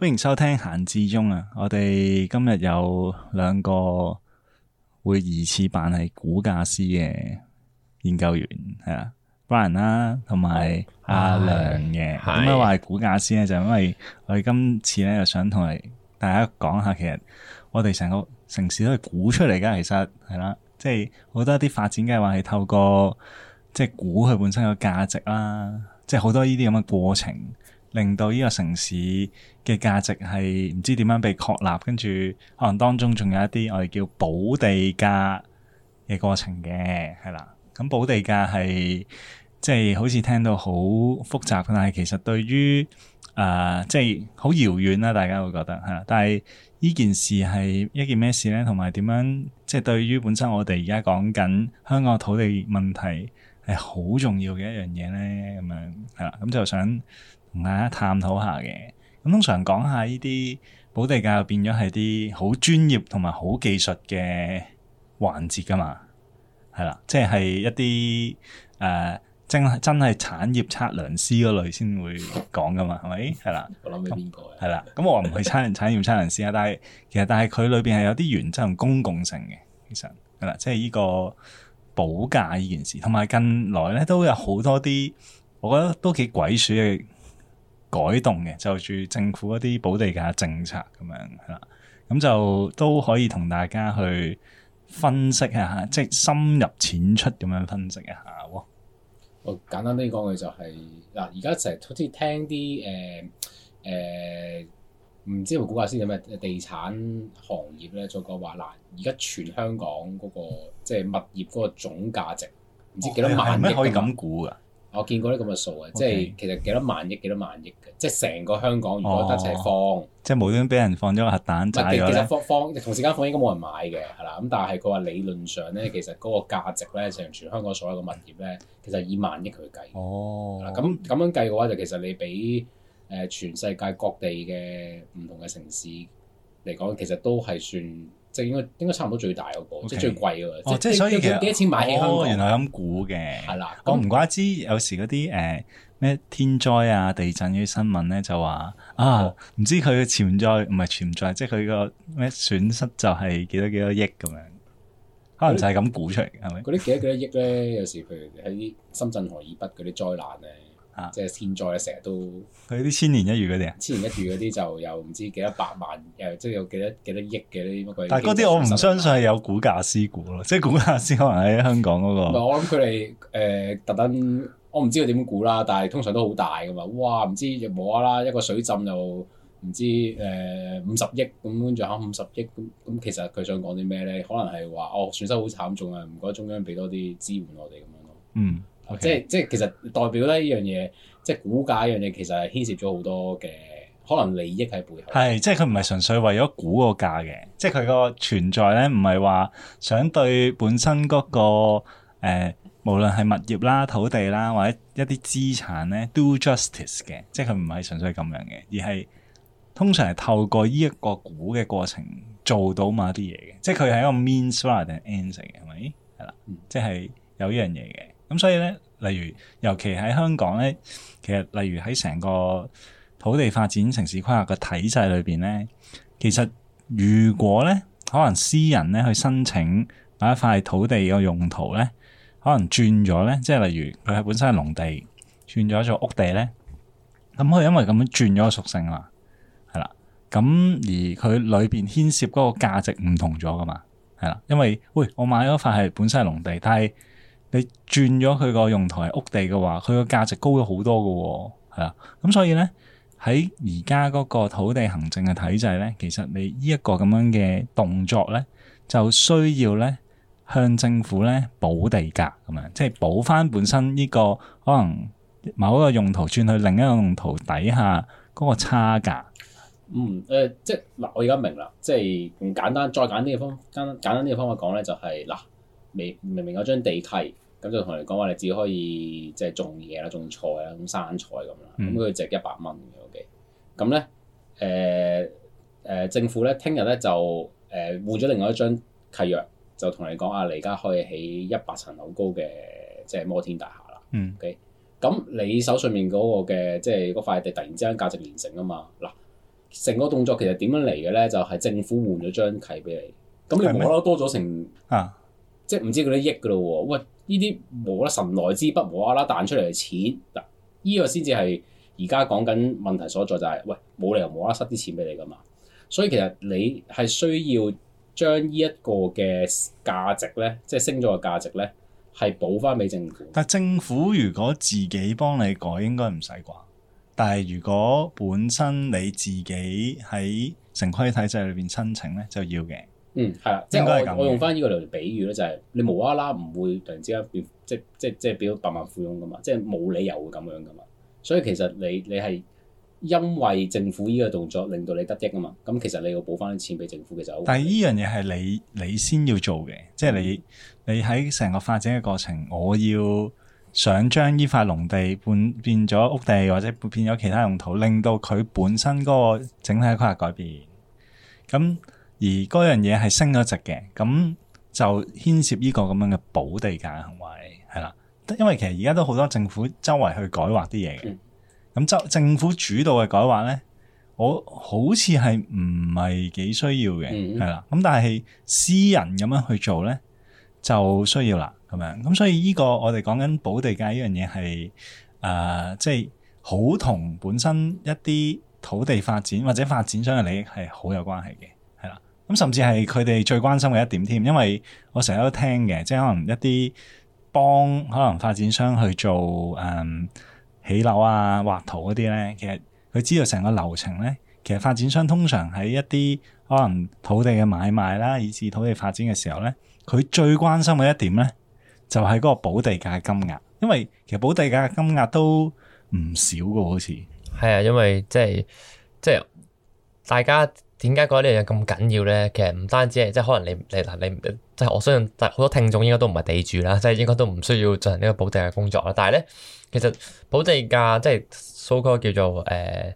歡迎收聽閒置中啊！我哋今日有兩個會疑似扮係估價師嘅研究員係啊，Brian 啦，同埋阿涼嘅，咁樣話係估價師咧，的就因為我哋今次咧就想同大家講下，其實我哋成個城市都係估出嚟噶，其實係啦，即係好多一啲發展計劃係透過即係估佢本身個價值啦，即係好多呢啲咁嘅過程。令到呢個城市嘅價值係唔知點樣被確立，跟住可能當中仲有一啲我哋叫補地價嘅過程嘅，係啦。咁補地價係即係好似聽到好複雜，但係其實對於誒即係好遙遠啦，大家會覺得係啦。但係呢件事係一件咩事咧？同埋點樣即係對於本身我哋而家講緊香港土地問題係好重要嘅一樣嘢咧？咁樣係啦，咁就想。同大家探討下嘅，咁通常講下呢啲補地價變咗係啲好專業同埋好技術嘅環節噶嘛，係啦，即係一啲誒真真係產業測量師嗰類先會講噶嘛，係咪？係啦，我諗係啦，咁我唔係產產業測量師啊，但係其實但係佢裏邊係有啲原則同公共性嘅，其實係啦，即係呢個補價呢件事，同埋近來咧都有好多啲，我覺得都幾鬼鼠嘅。改動嘅就住、是、政府一啲保地價政策咁樣係啦，咁就都可以同大家去分析下，即係深入淺出咁樣分析一下喎。我簡單啲講嘅就係、是、嗱，而家成日好似聽啲誒誒，唔、呃呃、知做估下先有咩地產行業咧再講話嗱，而家全香港嗰、那個即係、就是、物業嗰個總價值唔知幾多萬億、哦，可以咁估㗎？我見過呢咁嘅數嘅，Okay. 即係其實幾多萬億幾多萬億嘅，即係成個香港如果得齊放，即係無端端俾人放咗個核彈炸咗。其實放放同時間放應該冇人買嘅，係啦。咁但係佢話理論上咧，其實嗰個價值咧，成全香港所有嘅物業咧，其實以萬億去計。哦，咁咁樣，樣計嘅話，就其實你比誒、呃、全世界各地嘅唔同嘅城市嚟講，其實都係算。就應該應該差唔多最大嗰個，即係 Okay. 最貴嘅喎。哦，即係所以其實幾多錢買起香港？哦，原來咁估嘅。係啦，我唔怪之，有時嗰啲誒咩天災啊、地震嗰啲新聞咧，就話啊，唔、哦、知佢嘅潛在唔係潛在，即係佢個咩損失就係幾多幾多億咁樣。可能就係咁估出嚟，係咪、那個？嗰啲幾多幾多億咧？ 有時譬如喺深圳河以北嗰啲災難咧。即係現在，成日都佢啲千年一遇嗰啲啊！千年一遇嗰啲就又唔知幾多百萬，又 即係有幾多幾多億嘅呢？乜但嗰啲我唔相信係有估價師估咯， 即係估價師可能喺香港嗰、那個。唔係，我諗佢哋誒特登，我唔知佢點估啦。但係通常都好大噶嘛。哇，唔知又無啦啦一個水浸又唔知誒五十億咁，仲慘五十億咁。咁其實佢想講啲咩咧？可能係話哦損失好慘重啊，唔該中央俾多啲支援我哋咁樣咯。嗯。Okay. 即係即係，其實代表咧呢樣嘢，即係估價一樣嘢，其實係牽涉咗好多嘅可能利益喺背後。係即係佢唔係純粹為咗估個價嘅，即係佢個存在咧唔係話想對本身嗰、那個誒、呃，無論係物業啦、土地啦，或者一啲資產咧 do justice 嘅，即係佢唔係純粹咁樣嘅，而係通常係透過呢一個估嘅過程做到某啲嘢嘅，即係佢係一個 means rather than ends 嚟嘅，係咪？係啦，即係有呢樣嘢嘅。咁所以咧，例如尤其喺香港咧，其實例如喺成個土地發展城市規劃嘅體制裏邊咧，其實如果咧，可能私人咧去申請買一塊土地嘅用途咧，可能轉咗咧，即係例如佢係本身係農地，轉咗做屋地咧，咁佢因為咁樣轉咗個屬性嘛，係啦，咁而佢裏邊牽涉嗰個價值唔同咗噶嘛，係啦，因為喂，我買咗嗰塊係本身係農地，但係。你轉咗佢個用途係屋地嘅話，佢個價值高咗好多㗎喎。哦，係啊，咁所以咧喺而家嗰個土地行政嘅體制咧，其實你呢一個咁樣嘅動作咧，就需要咧向政府咧補地價咁樣，即係補翻本身呢、這個可能某一個用途轉去另一個用途底下嗰、那個差價。嗯，誒、呃，即係嗱，我而家明啦，即係用簡單、再簡單啲嘅方、簡單簡單啲嘅方法講咧、就是，就係嗱。明明有張地契，咁就同你講話，你只可以即係種嘢啦，種菜啦，種生菜咁啦，咁佢、嗯、值一百蚊嘅，O K。咁、okay? 咧，誒、呃、誒、呃、政府咧，聽日咧就誒、呃、換咗另外一張契約，就同你講啊，你而家可以起一百層樓高嘅即係摩天大廈啦，O K 咁你手上面嗰、那個嘅即係嗰塊地，突然之間價值連城啊嘛，嗱，成個動作其實點樣嚟嘅咧？就係、是、政府換咗張契俾你，咁你無啦啦多咗成嗎啊～即係唔知嗰啲億噶咯喎，喂，呢啲冇得神來之筆，無啦啦彈出嚟嘅錢，嗱，呢個先至係而家講緊問題所在就係、是，喂，冇理由冇啦塞啲錢俾你噶嘛，所以其實你係需要將呢一個嘅價值咧，即係升咗個價值咧，係補翻俾政府。但係政府如果自己幫你改，應該唔使啩？但係如果本身你自己喺城規體制裏邊申請咧，就要嘅。嗯，係啊，即係我我用翻呢個嚟比喻咧，就係、是、你無啦啦唔會突然之間變，即係即係即係變到百萬富翁噶嘛，即係冇理由會咁樣噶嘛。所以其實你你係因為政府呢個動作令到你得益噶嘛，咁其實你要補翻啲錢俾政府嘅就。但係呢樣嘢係你你先要做嘅，即係你你喺成個發展嘅過程，我要想將呢塊農地變變咗屋地或者變咗其他用途，令到佢本身嗰個整體規劃改變，咁。而嗰樣嘢係升咗值嘅，咁就牽涉呢個咁樣嘅補地價行為，係啦。因為其實而家都好多政府周圍去改劃啲嘢嘅，咁就政府主導嘅改劃咧，我好似係唔係幾需要嘅，係啦、嗯。咁但係私人咁樣去做咧，就需要啦，咁樣。咁所以呢個我哋講緊補地價呢樣嘢係誒，即係好同本身一啲土地發展或者發展商嘅利益係好有關係嘅。咁甚至係佢哋最關心嘅一點添，因為我成日都聽嘅，即係可能一啲幫可能發展商去做誒、嗯、起樓啊、畫圖嗰啲咧，其實佢知道成個流程咧。其實發展商通常喺一啲可能土地嘅買賣啦，以至土地發展嘅時候咧，佢最關心嘅一點咧，就係、是、嗰個補地價嘅金額，因為其實補地價嘅金額都唔少噶，好似係啊，因為即係即係大家。點解覺得呢樣咁緊要咧？其實唔單止係，即係可能你你你即係、就是、我相信，但係好多聽眾應該都唔係地主啦，即、就、係、是、應該都唔需要進行呢個補地嘅工作啦。但係咧，其實補地價即係所謂叫做誒、呃，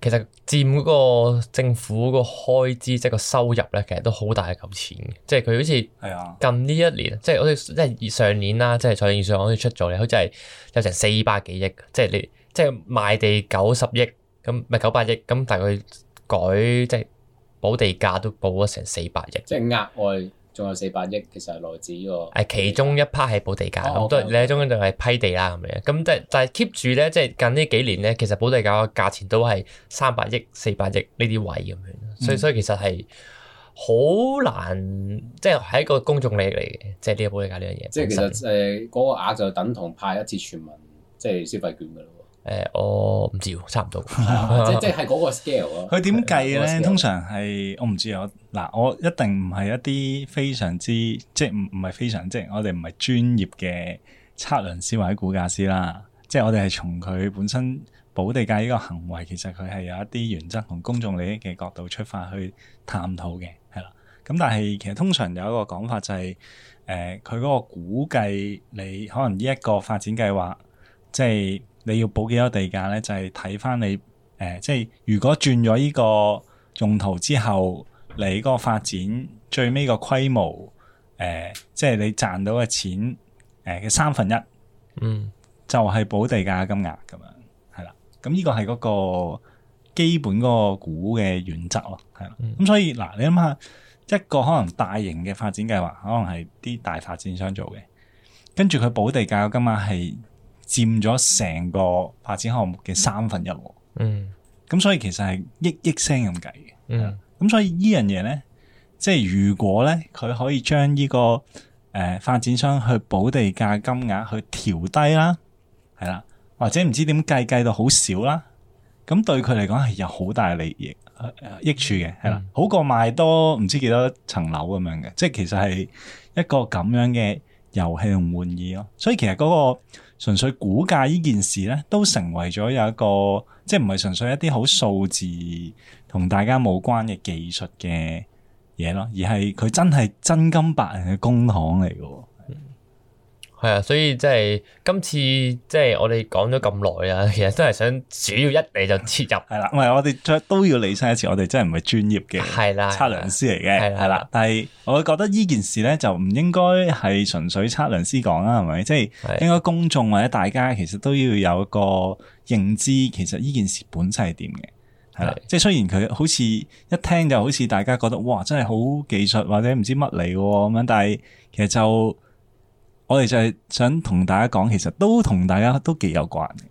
其實佔嗰個政府嗰個開支即係個收入咧，其實都好大嘅嚿錢嘅。即係佢好似係啊，近呢一年即係好似即係上年啦，即係財政預算案好似出咗咧，好似係有成四百幾億，即係你即係賣地九十億咁，唔係九百億咁，大概改即係。補地價都補咗成四百億，即係額外仲有四百億，其實係來自呢個。誒，其中一 part 係補地價，咁都你喺中間就係批地啦咁樣。咁即係但係 keep 住咧，即係近呢幾年咧，其實補地價嘅價錢都係三百億、四百億呢啲位咁樣。所以、嗯、所以其實係好難，即係喺一個公眾利益嚟嘅，即係呢個補地價呢樣嘢。即係其實誒，嗰個額就等同派一次全民，即係消費券咁樣。誒、呃，我唔知，差唔多， 即係即係嗰個 scale 咯。 佢點計咧？通常係我唔知啊。嗱，我一定唔係一啲非常之，即係唔唔係非常，即係我哋唔係專業嘅測量師或者估價師啦。即係我哋係從佢本身補地價呢個行為，其實佢係有一啲原則同公眾利益嘅角度出發去探討嘅，係啦。咁但係其實通常有一個講法就係，是，誒、呃，佢嗰個估計，你可能呢一個發展計劃，即、就、係、是。你要補幾多地價咧？就係睇返你誒、呃，即係如果轉咗依個用途之後，你個發展最尾個規模誒、呃，即係你賺到嘅錢誒嘅、呃、三分一，嗯，就係補地價金額咁樣，係啦。咁、嗯、呢個係嗰個基本個估嘅原則咯，係啦。咁、嗯、所以嗱、呃，你諗下一個可能大型嘅發展計劃，可能係啲大發展商做嘅，跟住佢補地價嘅金額係，佔咗成個發展項目嘅三分一喎，嗯，咁所以其實係億億聲咁計嘅，嗯，咁所以呢樣嘢咧，即係如果咧佢可以將呢、這個誒、呃、發展商去補地價金額去調低啦，係啦，或者唔知點計計到好少啦，咁對佢嚟講係有好大利益、呃、益處嘅，係啦，嗯、好過賣多唔知幾多層樓咁樣嘅，即係其實係一個咁樣嘅遊戲同玩意咯，所以其實嗰、那個。純粹估價呢件事咧，都成為咗有一個，即係唔係純粹一啲好數字同大家冇關嘅技術嘅嘢咯，而係佢真係真金白銀嘅公帑嚟嘅。係啊，所以即係今次即係我哋講咗咁耐啊，其實都係想主要一嚟就切入。係啦，唔係我哋都都要理晒一次，我哋真係唔係專業嘅，係啦，測量師嚟嘅，係啦。但係我覺得呢件事咧就唔應該係純粹測量師講啦，係咪？即係應該公眾或者大家其實都要有一個認知，其實呢件事本身係點嘅？係啦，的即係雖然佢好似一聽就好似大家覺得哇，真係好技術或者唔知乜嚟嘅咁樣，但係其實就。我哋就係想同大家講，其實都同大家都幾有關嘅。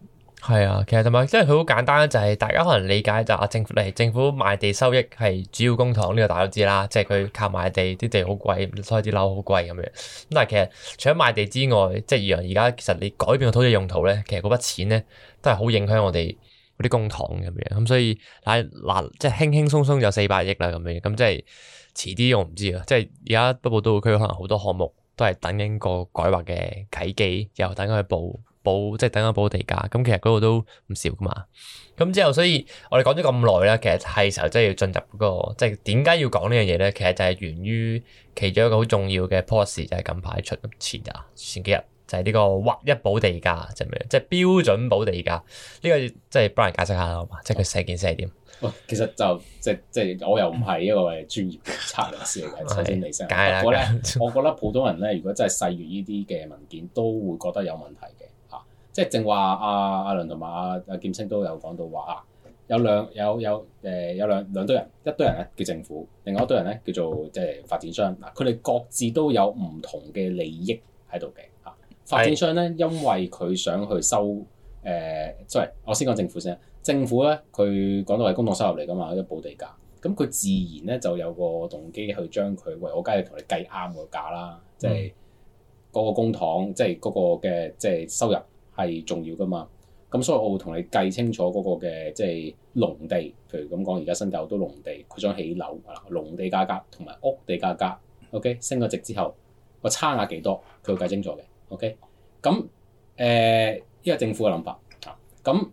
係啊，其實同埋即係佢好簡單，就係、是、大家可能理解就啊，政府嚟，政府賣地收益係主要公帑呢、這個大家都知啦，即係佢靠賣地，啲地好貴，所以啲樓好貴咁樣。咁但係其實除咗賣地之外，即係而而家其實你改變個土地用途咧，其實嗰筆錢咧都係好影響我哋嗰啲公帑咁樣。咁所以，但嗱，即係輕輕鬆鬆就四百億啦咁樣，咁即係遲啲我唔知啊，即係而家北部都會區可能好多項目。都係等緊個改劃嘅契機，又等緊去補補，即係等緊補地價。咁其實嗰度都唔少噶嘛。咁之後，所以我哋講咗咁耐啦，其實係時候真係要進入嗰、那個，即係點解要講呢樣嘢咧？其實就係源於其中一個好重要嘅 post 就係、是、近排出前日、前幾日就係、是、呢個劃一補地價，即係咩、這個？即係標準補地價呢個，即係幫人解釋下好嘛，即係佢成件事係點。其實就即即，即我又唔係一個專業嘅測量師嚟嘅，首先你先。不過咧，為了我覺得普通人咧，如果真係細閱呢啲嘅文件，都會覺得有問題嘅。嚇、啊，即係正話，阿阿倫同埋阿阿劍青都有講到話啊，有兩有有誒有，有兩兩堆人，一堆人咧叫政府，另外一堆人咧叫做即係、就是、發展商。嗱、啊，佢哋各自都有唔同嘅利益喺度嘅。嚇、啊，發展商咧，是因為佢想去收誒，即、呃、sorry 我先講政府先。政府咧，佢講到係公帑收入嚟噶嘛，一個補地價咁，佢自然咧就有個動機去將佢喂我，梗係同你計啱個價啦。即係嗰個公帑，即係嗰個嘅即係收入係重要噶嘛。咁所以我會同你計清楚嗰個嘅即係農地，譬如咁講，而家新界都農地，佢想起樓啊，農地價格同埋屋地價格，OK 升咗值之後個差額幾多，佢會計清楚嘅。OK 咁誒，呢、呃這個政府嘅諗法啊咁。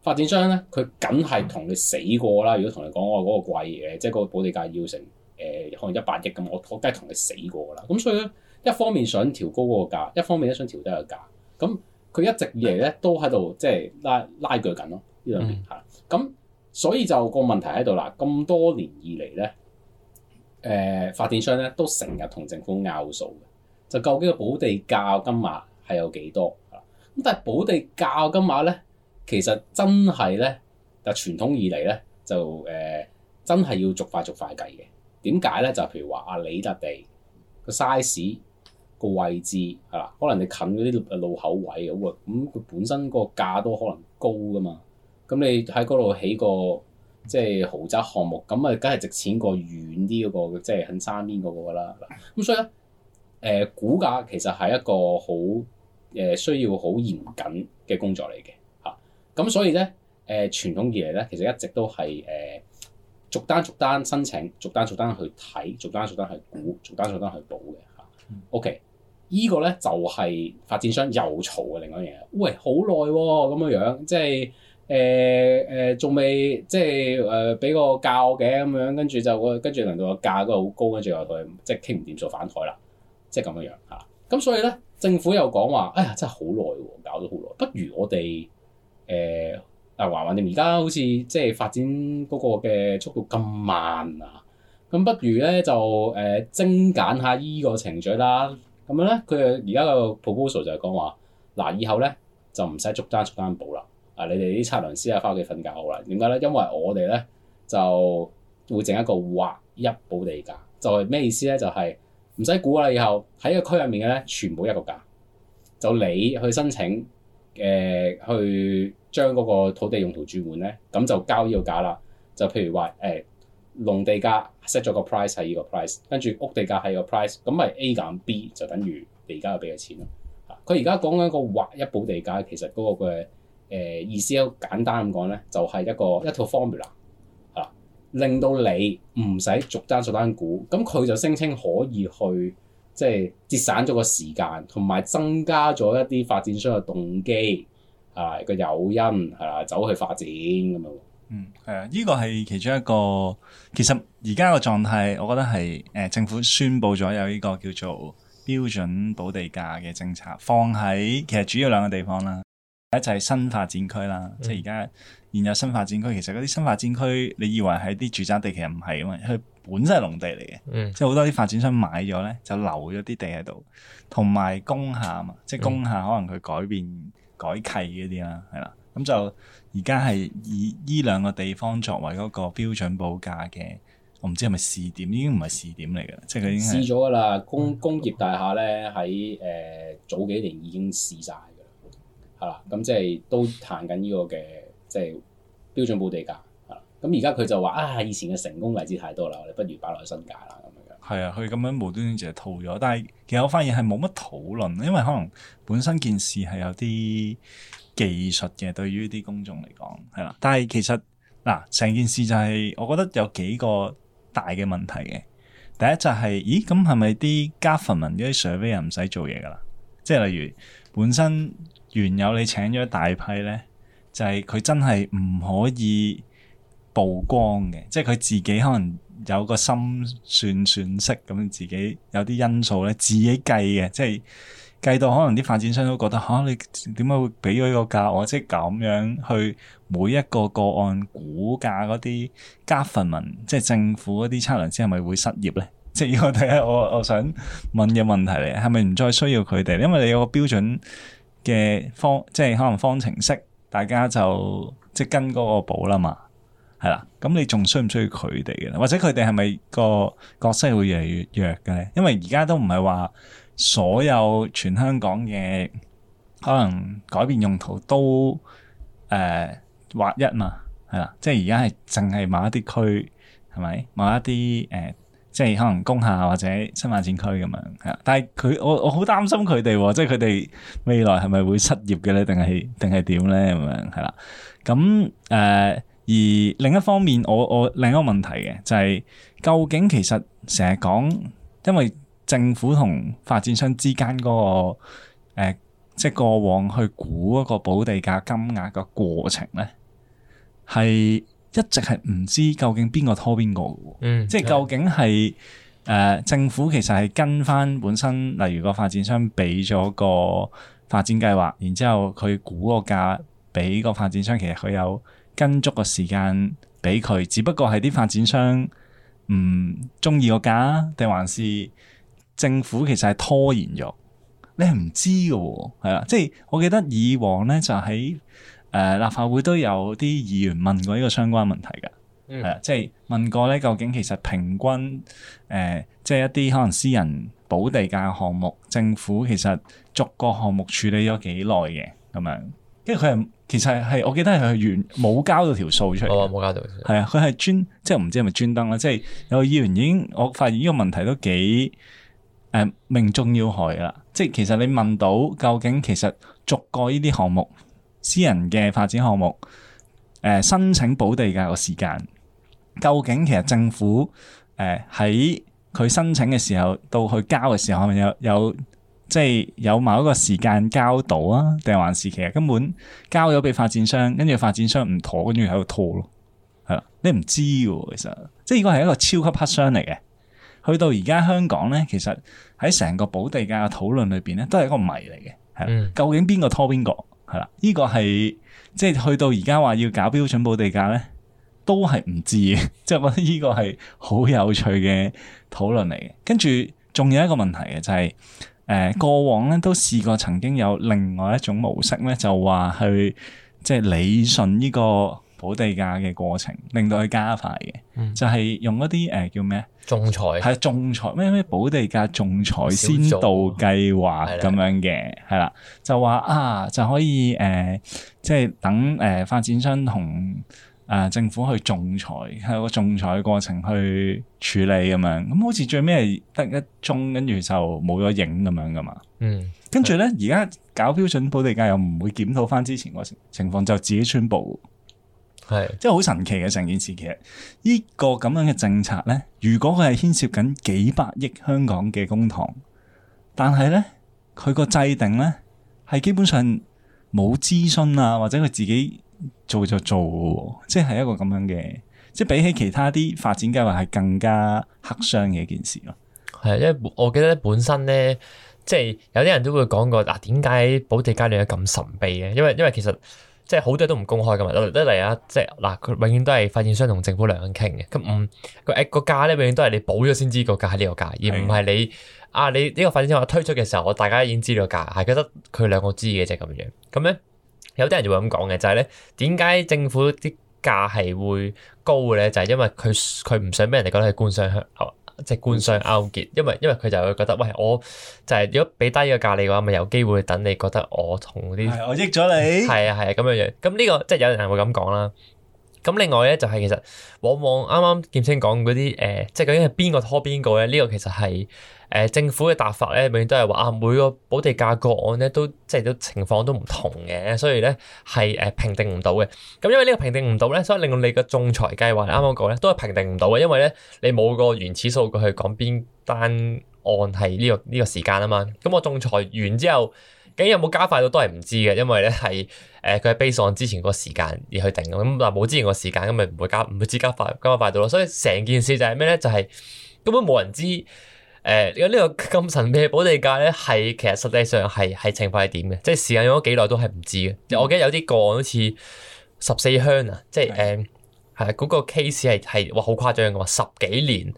發展商咧，佢梗係同你死過啦！如果同你講我嗰個貴嘢，誒、呃，即係嗰個補地價要成誒、呃、可能一百億咁，我我梗係同你死過啦。咁所以咧，一方面想調高嗰個價，一方面咧想調低個價。咁佢一直以嚟咧都喺度即係拉拉鋸緊咯，呢兩年嚇。咁、嗯、所以就、這個問題喺度啦。咁多年以嚟咧，誒、呃、發展商咧都成日同政府拗數嘅，就究竟個補地價金額係有幾多啊？咁但係補地價金額咧。呢其實真係咧，但傳統以嚟咧就誒、呃、真係要逐塊逐塊計嘅。點解咧？就譬如話阿里特地個 size 個位置係啦，可能你近嗰啲路口位咁，咁佢本身個價都可能高㗎嘛。咁你喺嗰度起個即係豪宅項目，咁啊梗係值錢過遠啲嗰、嗰個即係喺山邊嗰個啦。咁所以咧誒，估、呃、價其實係一個好誒、呃、需要好嚴謹嘅工作嚟嘅。咁所以咧，誒、呃、傳統而嚟咧，其實一直都係誒、呃、逐單逐單申請，逐單逐單去睇，逐單逐單去估，逐單逐單去補嘅嚇。嗯、o、okay, K，呢個咧就係、是、發展商又嘈嘅另一樣嘢。喂，好耐喎，咁樣樣，即係誒誒，仲、呃、未、呃、即係誒俾個價嘅咁樣，跟住就跟住輪到個價嗰個好高，跟住又佢即係傾唔掂就反台啦，即係咁樣樣嚇。咁、啊、所以咧，政府又講話，哎呀、呃哎，真係好耐喎，搞咗好耐，不如我哋。誒，但係華環而家好似即係發展嗰個嘅速度咁慢啊，咁不如咧就誒、呃、精簡下依個程序啦。咁樣咧，佢誒而家個 proposal 就係講話，嗱、啊，以後咧就唔使逐單逐單補啦。啊，你哋啲測量師啊，翻屋企瞓覺好啦。點解咧？因為我哋咧就會整一個劃一補地價，就係、是、咩意思咧？就係唔使估啦。以後喺一個區入面嘅咧，全部一個價，就你去申請，誒、呃、去。將嗰個土地用途轉換咧，咁就交呢個價啦。就譬如話，誒、欸、農地價 set 咗個 price 係呢個 price，跟住屋地價係個 price，咁咪 A 減 B 就等於你而家要俾嘅錢咯。嚇、啊，佢而家講緊個劃一補地價，其實嗰、那個嘅誒、呃、意思，好簡單嚟講咧，就係、是、一個一套 formula 嚇、啊，令到你唔使逐單逐單估，咁佢就聲稱可以去即係節省咗個時間，同埋增加咗一啲發展商嘅動機。啊，個誘因係啊，走去發展咁樣。嗯，係啊，呢個係其中一個。其實而家個狀態，我覺得係誒、呃、政府宣布咗有呢個叫做標準補地價嘅政策，放喺其實主要兩個地方啦。一就係新發展區啦，嗯、即係而家現有新發展區。其實嗰啲新發展區，你以為係啲住宅地，其實唔係啊嘛。佢本身係農地嚟嘅，嗯、即係好多啲發展商買咗咧，就留咗啲地喺度，同埋工廈啊嘛，即係工廈可能佢改變、嗯。改契嗰啲啦，係啦，咁就而家係以呢兩個地方作為嗰個標準地價嘅，我唔知係咪試點，已經唔係試點嚟嘅，即係佢已經試咗㗎啦。工工業大廈咧喺誒早幾年已經試晒㗎啦，係啦，咁即係都談緊呢個嘅即係標準補地價，係啦，咁而家佢就話啊，以前嘅成功例子太多啦，我哋不如擺落去新界啦咁樣。係啊，佢咁樣無端端就係套咗，但係。其實我發現係冇乜討論，因為可能本身件事係有啲技術嘅，對於啲公眾嚟講係啦。但係其實嗱，成件事就係、是、我覺得有幾個大嘅問題嘅。第一就係、是，咦咁係咪啲 government 嗰啲 surveyor 唔使做嘢㗎啦？即係例如本身原有你請咗一大批咧，就係、是、佢真係唔可以曝光嘅，即係佢自己可能。有個心算算式咁樣，自己有啲因素咧，自己計嘅，即係計到可能啲發展商都覺得嚇、啊，你點解會畀咗呢個價？我即係咁樣去每一個個案估價嗰啲 government，即係政府嗰啲測量師係咪會失業咧？即係呢個第一，我我想問嘅問題嚟，係咪唔再需要佢哋？因為你有個標準嘅方，即係可能方程式，大家就即係跟嗰個補啦嘛。係啦，咁你仲需唔需要佢哋嘅咧？或者佢哋係咪個角色會越嚟越弱嘅咧？因為而家都唔係話所有全香港嘅可能改變用途都誒、呃、劃一嘛，係啦，即係而家係淨係某一啲區，係咪某一啲誒、呃，即係可能工廈或者新發展區咁樣，係啦。但係佢我我好擔心佢哋、哦，即係佢哋未來係咪會失業嘅咧？定係定係點咧？咁樣係啦，咁誒。而另一方面，我我另一個問題嘅就係、是、究竟其實成日講，因為政府同發展商之間嗰、那個誒、呃，即係過往去估嗰個補地價金額嘅過程咧，係一直係唔知究竟邊個拖邊個，嘅嗯，即係究竟係誒、呃、政府其實，係跟翻本身，例如個發展商俾咗個發展計劃，然之後，佢估個價俾個發展商，其實佢有。跟足個時間俾佢，只不過係啲發展商唔中意個價，定還是政府其實係拖延咗？你係唔知嘅喎、哦，係啦，即、就、係、是、我記得以往咧就喺、是、誒、呃、立法會都有啲議員問過呢個相關問題嘅，係啦，即、就、係、是、問過咧究竟其實平均誒即係一啲可能私人補地價項目，政府其實逐個項目處理咗幾耐嘅咁樣，跟住佢係。其實係，我記得係完冇交到條數出嚟，冇交係啊，佢係專即係唔知係咪專登啦，即係有個議員已經我發現呢個問題都幾誒、呃、命中要害噶啦，即係其實你問到究竟其實逐個呢啲項目私人嘅發展項目誒、呃、申請補地價個時間究竟其實政府誒喺佢申請嘅時候到去交嘅時候有有。有有即係有某一個時間交到啊，定係還是其實根本交咗俾發展商，跟住發展商唔妥，跟住喺度拖咯，係啦，你唔知嘅其實，即係呢個係一個超級黑箱嚟嘅。去到而家香港咧，其實喺成個補地價嘅討論裏邊咧，都係一個謎嚟嘅，係究竟邊個拖邊個，係啦，呢個係即係去到而家話要搞標準補地價咧，都係唔知嘅，即係我覺得呢個係好有趣嘅討論嚟嘅。跟住仲有一個問題嘅就係、是。誒、呃、過往咧都試過曾經有另外一種模式咧，就話去即係、就是、理順呢個補地價嘅過程，令到佢加快嘅，嗯、就係用一啲誒、呃、叫咩仲裁才，係仲裁咩咩補地價仲裁先導計劃咁樣嘅，係啦、嗯，就話啊，就可以誒，即、呃、係、就是、等誒、呃、發展商同。誒、啊、政府去仲裁，係個仲裁過程去處理咁樣，咁好似最尾得一宗，跟住就冇咗影咁樣㗎嘛。嗯，跟住咧，而家是搞標準補地價又唔會檢討翻之前個情況，就自己宣佈，係是即係好神奇嘅成件事。其實呢個咁樣嘅政策咧，如果佢係牽涉緊幾百億香港嘅公帑，但係咧佢個制定咧係基本上冇諮詢啊，或者佢自己。做就做，即係一個咁樣嘅，即係比起其他啲發展計劃係更加黑箱嘅一件事咯。係，因為我記得本身咧，即係有啲人都會講過，嗱、啊，點解補地價階段咁神秘嘅？因為因為其實即係好多都唔公開㗎嘛。例如得嚟啊，即係嗱，佢永遠都係發展商同政府兩傾嘅。咁唔、嗯，嗯那個個價咧，永遠都係你補咗先知個價係呢個價，的而唔係你啊你呢個發展商劃推出嘅時候，我大家已經知咗價，係覺得佢兩個知嘅啫咁樣。咁咧。有啲人就會咁講嘅，就係咧點解政府啲價係會高嘅咧？就係因為佢佢唔想俾人哋覺得係官商即係官商勾結，因為因為佢就會覺得，喂，我就係如果俾低個價你嘅話，咪有機會等你覺得我同啲我益咗你，係啊係啊咁樣樣，咁呢個即係有人係會咁講啦。咁另外咧就係、係、其實往往啱啱劍青講嗰啲誒，即係究竟係邊個拖邊個咧？呢、呢個其實係誒、呃、政府嘅答法咧，永遠都係話啊每個補地價個案咧都即係都情況都唔同嘅，所以咧係誒評定唔到嘅。咁因為呢個評定唔到咧，所以令到你嘅仲裁計劃啱啱講咧都係評定唔到嘅，因為咧你冇個原始數據去講邊單案係呢、呢個呢、呢個時間啊嘛。咁我仲裁完之後，究竟有冇加快到都係唔知嘅，因為咧係誒、呃、佢係 base on 之前嗰個時間而去定嘅，咁嗱，冇之前個時間，咁咪唔會加唔會至加快加快到咯。所以成件事就係咩咧？就係、是、根本冇人知，如果呢個咁神秘嘅補地價咧，係其實實際上係係情況係點嘅？即係時間用咗幾耐都係唔知嘅。嗯、我記得有啲個案好似十四鄉啊，即係誒係嗰個 case 係係哇好誇張嘅喎，十幾年。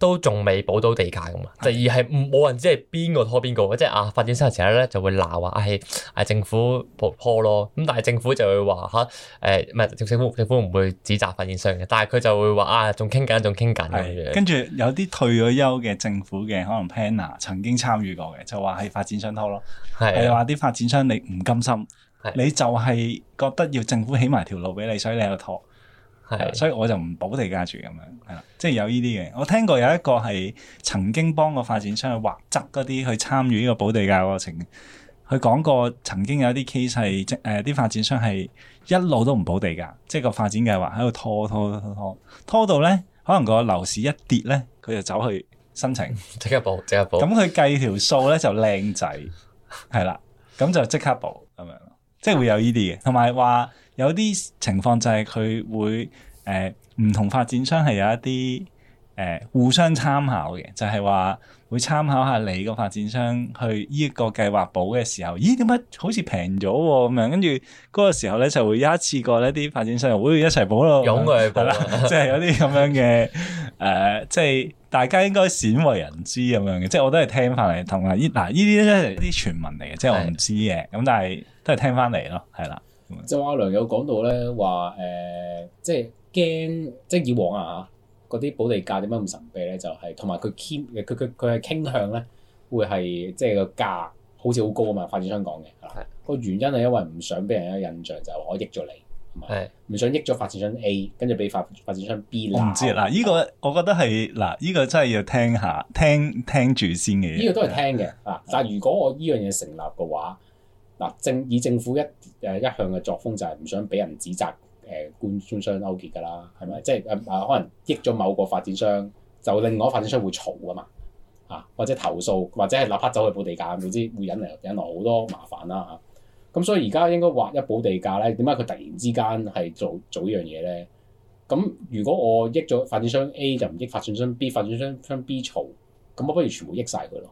都仲未補到地價㗎嘛，就的而係冇人知係邊個拖邊個嘅，即係啊發展商嘅時候咧就會鬧話係係政府拖咯，咁但係政府就會話嚇誒唔係政府政府唔會指責發展商嘅，但係佢就會話啊仲傾緊仲傾緊咁樣。跟住有啲退咗休嘅政府嘅可能 planner 曾經參與過嘅，就話係發展商拖咯，係話啲發展商你唔甘心，的你就係覺得要政府起埋條路俾你所以你喺度拖。係，所以我就唔補地價住咁樣，係啦，即係有呢啲嘅。我聽過有一個係曾經幫個發展商去劃則嗰啲去參與呢個補地價過程，佢講過曾經有啲 case 係，誒啲、呃、發展商係一路都唔補地價，即係個發展計劃喺度拖拖拖拖，拖到咧，可能個樓市一跌咧，佢就走去申請即刻補，即刻補。咁佢計條數咧就靚仔，係啦，咁就即刻補咁樣，即係會有呢啲嘅，同埋話。有啲情況就係佢會誒唔、呃、同發展商係有一啲誒、呃、互相參考嘅，就係、是、話會參考下你個發展商去呢個計劃補嘅時候，咦點解好似平咗咁樣？跟住嗰個時候咧，就會有一次過呢啲發展商會一齊補咯，湧過去補啦，即係的 有啲咁樣嘅誒，即、呃、係、就是、大家應該鮮為人知咁樣嘅，即係我都係聽翻嚟同啊呢嗱呢啲咧啲傳聞嚟嘅，即係我唔知嘅，咁的但係都係聽翻嚟咯，係啦。就阿良友講到咧，話誒、呃，即係驚，即係以往啊，嗰啲補地價點解咁神秘咧？就係同埋佢傾嘅，佢佢佢係傾向咧，會係即係個價好似好高啊嘛！發展商講嘅，個是原因係因為唔想俾人嘅印象就係、是、我益咗你，唔是想益咗發展商 A，跟住俾發發展商 B。唔知嗱，呢的個我覺得係嗱，呢個真係要聽下，聽聽住先嘅。呢個都係聽嘅啊，但係如果我依樣嘢成立嘅話。嗱，政以政府一誒一向嘅作風，就係唔想俾人指責誒官官商勾結㗎啦，係咪？即係誒誒，可能益咗某個發展商，就另外一發展商會嘈啊嘛，嚇、啊，或者投訴，或者係立刻走去補地價，總之會引嚟引來好多麻煩啦嚇。咁、啊、所以而家應該話一補地價咧，點解佢突然之間係做做，做呢樣嘢咧？咁如果我益咗發展商 A 就唔益發展商 B，發展商商 B 嘈，咁我不如全部益晒佢咯。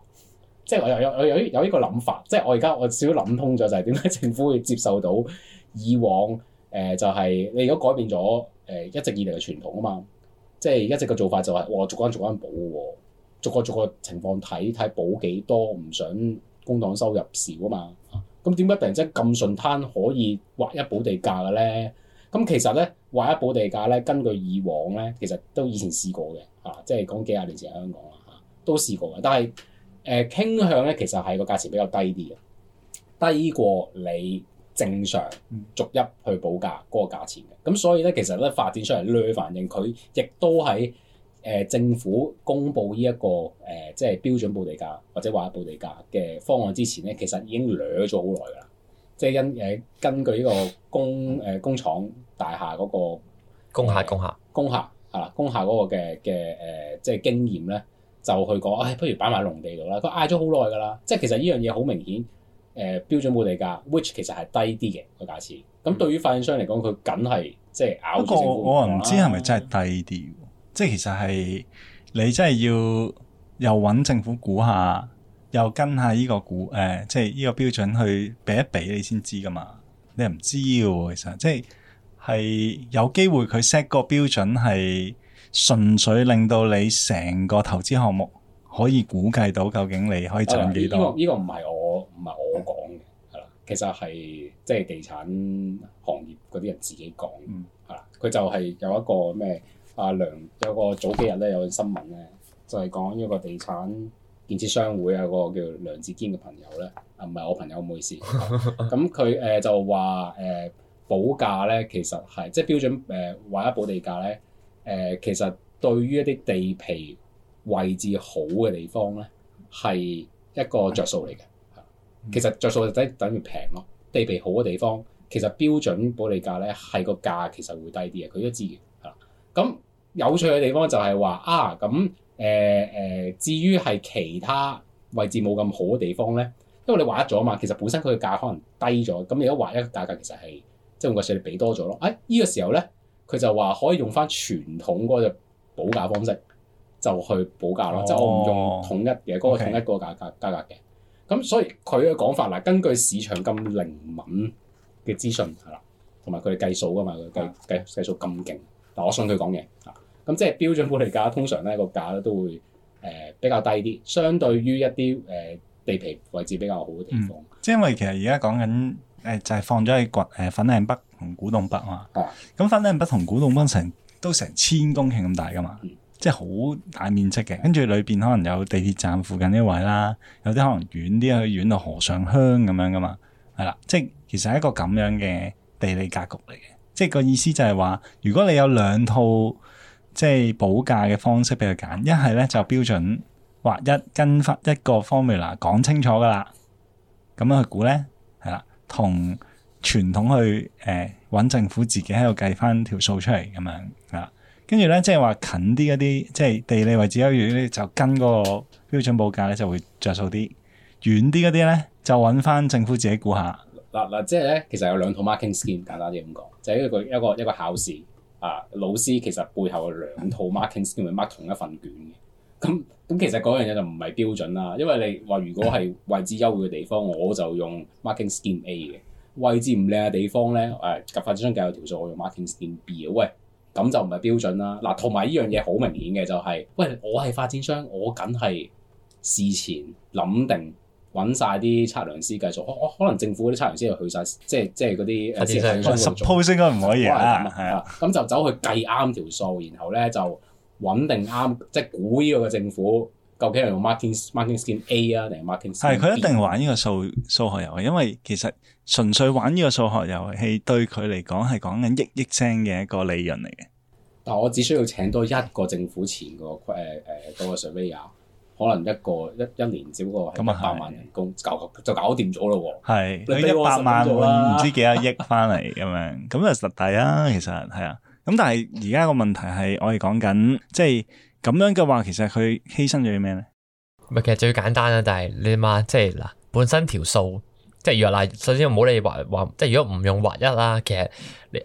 即係我有有有有依個諗法，即係我而家我少少諗通咗，就係點解政府會接受到以往誒、呃、就係、是、你如果改變咗誒、呃、一直以嚟嘅傳統啊嘛，即係一直嘅做法就係、是、我逐間逐間補嘅逐個逐個情況睇睇補幾多，唔想公帑收入少啊嘛。咁點解突然之間咁順攤可以劃一補地價嘅咧？咁其實咧劃一補地價咧，根據以往咧，其實都以前試過嘅嚇、啊，即係講幾廿年前喺香港啊，都試過嘅，但係。誒傾向咧，其實係個價錢比較低啲嘅，低過你正常逐一去補價嗰個價錢嘅。咁、嗯、所以咧，其實咧發展出嚟嘅反映，佢亦都喺誒政府公布呢、這、一個誒、呃、即係標準補地價或者話補地價嘅方案之前咧，其實已經掠咗好耐㗎啦。即係因誒根據呢個工誒、嗯、工廠大廈嗰、那個工廈工廈工廈係啦，工廈嗰個嘅嘅誒即係經驗咧。就去講，唉、哎，不如擺埋喺農地度啦。佢嗌咗好耐㗎啦，即係其實呢樣嘢好明顯，誒、呃、標準地價，which 其實係低啲嘅個價錢。咁對於發展商嚟講，佢梗係即係拗。不過我我唔知係咪真係低啲，即係其實係你真係要又揾政府估下，又跟下呢個估誒、呃，即係呢個標準去比一比，你先知㗎嘛。你又唔知喎，其實即係係有機會佢 set 個標準係。純粹令到你成個投資項目可以估計到究竟你可以賺幾多，啊？呢、這個唔係、這個、我唔係我講嘅，係啦，其實係即係地產行業嗰啲人自己講嘅，啦、嗯，佢就係有一個咩阿、啊、梁有個早幾日咧有個新聞咧，就係、是、講一個地產建設商會啊個叫梁志堅嘅朋友咧，啊唔係我朋友唔好意思，咁佢誒就話誒、呃、補價咧其實係即係標準誒為咗補地價咧。誒，其實對於一啲地皮位置好嘅地方咧，係一個着數嚟嘅。其實着數就等等於平咯。地皮好嘅地方，其實標準補地價咧係個價其實會低啲嘅。佢都知嘅。咁有趣嘅地方就係話啊，咁誒誒，至於係其他位置冇咁好嘅地方咧，因為你劃一咗嘛，其實本身佢嘅價可能低咗。咁你一劃一個價格其實係即係會覺得你俾多咗咯。誒、啊，依、呢個時候咧。佢就話可以用返傳統嗰隻補價方式就去補價咯，即係、oh, okay. 我唔用統一嘅嗰、那個統一個價格價格嘅。咁所以佢嘅講法嗱，根據市場咁靈敏嘅資訊係啦，同埋佢哋計數噶嘛，計計計數咁勁。但我信佢講嘢啊。咁即係標準地價，通常咧個價咧都會誒、呃、比較低啲，相對於一啲誒、呃、地皮位置比較好嘅地方。即係、嗯、因為其實而家講緊誒就係、是、放咗喺誒粉嶺北，同古洞北嘛，咁粉嶺北同古洞北成都成千公頃咁大噶嘛，即係好大面積嘅。跟住裏邊可能有地鐵站附近呢位啦，有啲可能遠啲去遠到河上鄉咁樣噶嘛，係啦。即係其實係一個咁樣嘅地理格局嚟嘅。即係個意思就係話，如果你有兩套即係補價嘅方式俾佢揀，一係咧就標準劃一跟返一個 formula 啦，講清楚噶啦，咁樣去估咧，係啦，同。傳統去誒揾、呃、政府自己喺度計翻條數出嚟咁樣啊，跟住咧即係話近啲嗰啲，即係地理位置優越啲，就跟個標準報價咧就會着數啲。遠啲嗰啲咧就揾翻政府自己估下嗱嗱。即係咧，其實有兩套 marking scheme 簡單啲咁講，就係、是、一個一個一個考試啊，老師其實背後有兩套 marking scheme 會 mark 同一份卷嘅。咁咁其實嗰樣嘢就唔係標準啦，因為你話如果係位置優越嘅地方， 我就用 marking scheme A 嘅。位置唔靚嘅地方咧，誒、哎，發展商計有條數，我用 marketing 表，喂，咁就唔係標準啦。嗱，同埋呢樣嘢好明顯嘅就係、是，喂，我係發展商，我梗係事前諗定揾晒啲測量師計數，可可能政府嗰啲測量師又去晒，即係即係嗰啲，測量師去咗。呃、Suppose 應該唔可以啊，係啊，咁就走去計啱條數，然後咧就揾定啱，即係估呢個嘅政府。究竟係用 marking marking scheme A 啊，定係 marking scheme B？係佢一定玩呢個數數學遊戲，因為其實純粹玩呢個數學遊戲對佢嚟講係講緊億億聲嘅一個利潤嚟嘅。但係我只需要請多一個政府前個誒誒嗰個 surveyor 啊，可能一個一一年少過咁啊百萬人工搞就搞掂咗咯。係你俾我一百萬，唔知幾多億翻嚟咁樣，咁就實體啊，其實係啊。咁但係而家個問題係我哋講緊即係。咁樣嘅話，其實佢犧牲咗啲咩咧？咪其實最簡單啦、就是，但係你嘛，即係嗱，本身條數，即係若嗱，首先唔好理劃劃，即係如果唔用劃一啦，其實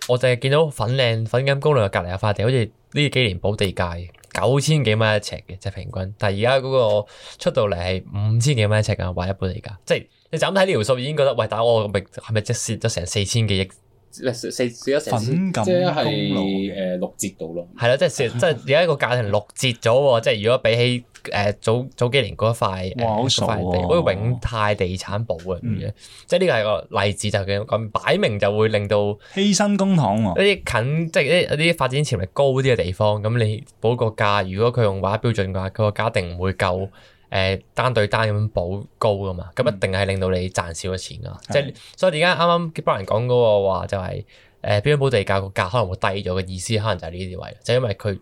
我淨係見到粉嶺粉錦公路隔籬有塊地，好似呢幾年補地價九千幾蚊一尺嘅，即係平均。但係而家嗰個出到嚟係五千幾蚊一尺噶，劃一補地價，即係你就咁睇呢條數，已經覺得喂，打我明係咪即蝕咗成四千幾億？四四一成，即係，係六折到咯。係啦，即係即係而家個價庭六折咗喎。即係如果比起誒、呃、早早幾年嗰塊誒嗰、呃、哇塊地，好哇永泰地產補嘅咁樣，即係呢個係個例子就咁、是、咁擺明就會令到犧牲公帑喎、哦。呢啲近即係一啲發展潛力高啲嘅地方，咁你補個價，如果佢用話標準嘅話，佢個價一定唔會夠。誒、呃、單對單咁補高噶嘛，咁、嗯、一定係令到你賺少咗錢噶。嗯、即係是所以而家啱啱幫人講嗰個話就係誒標準補地價個價可能會低咗嘅意思，可能就係呢啲位，就因為佢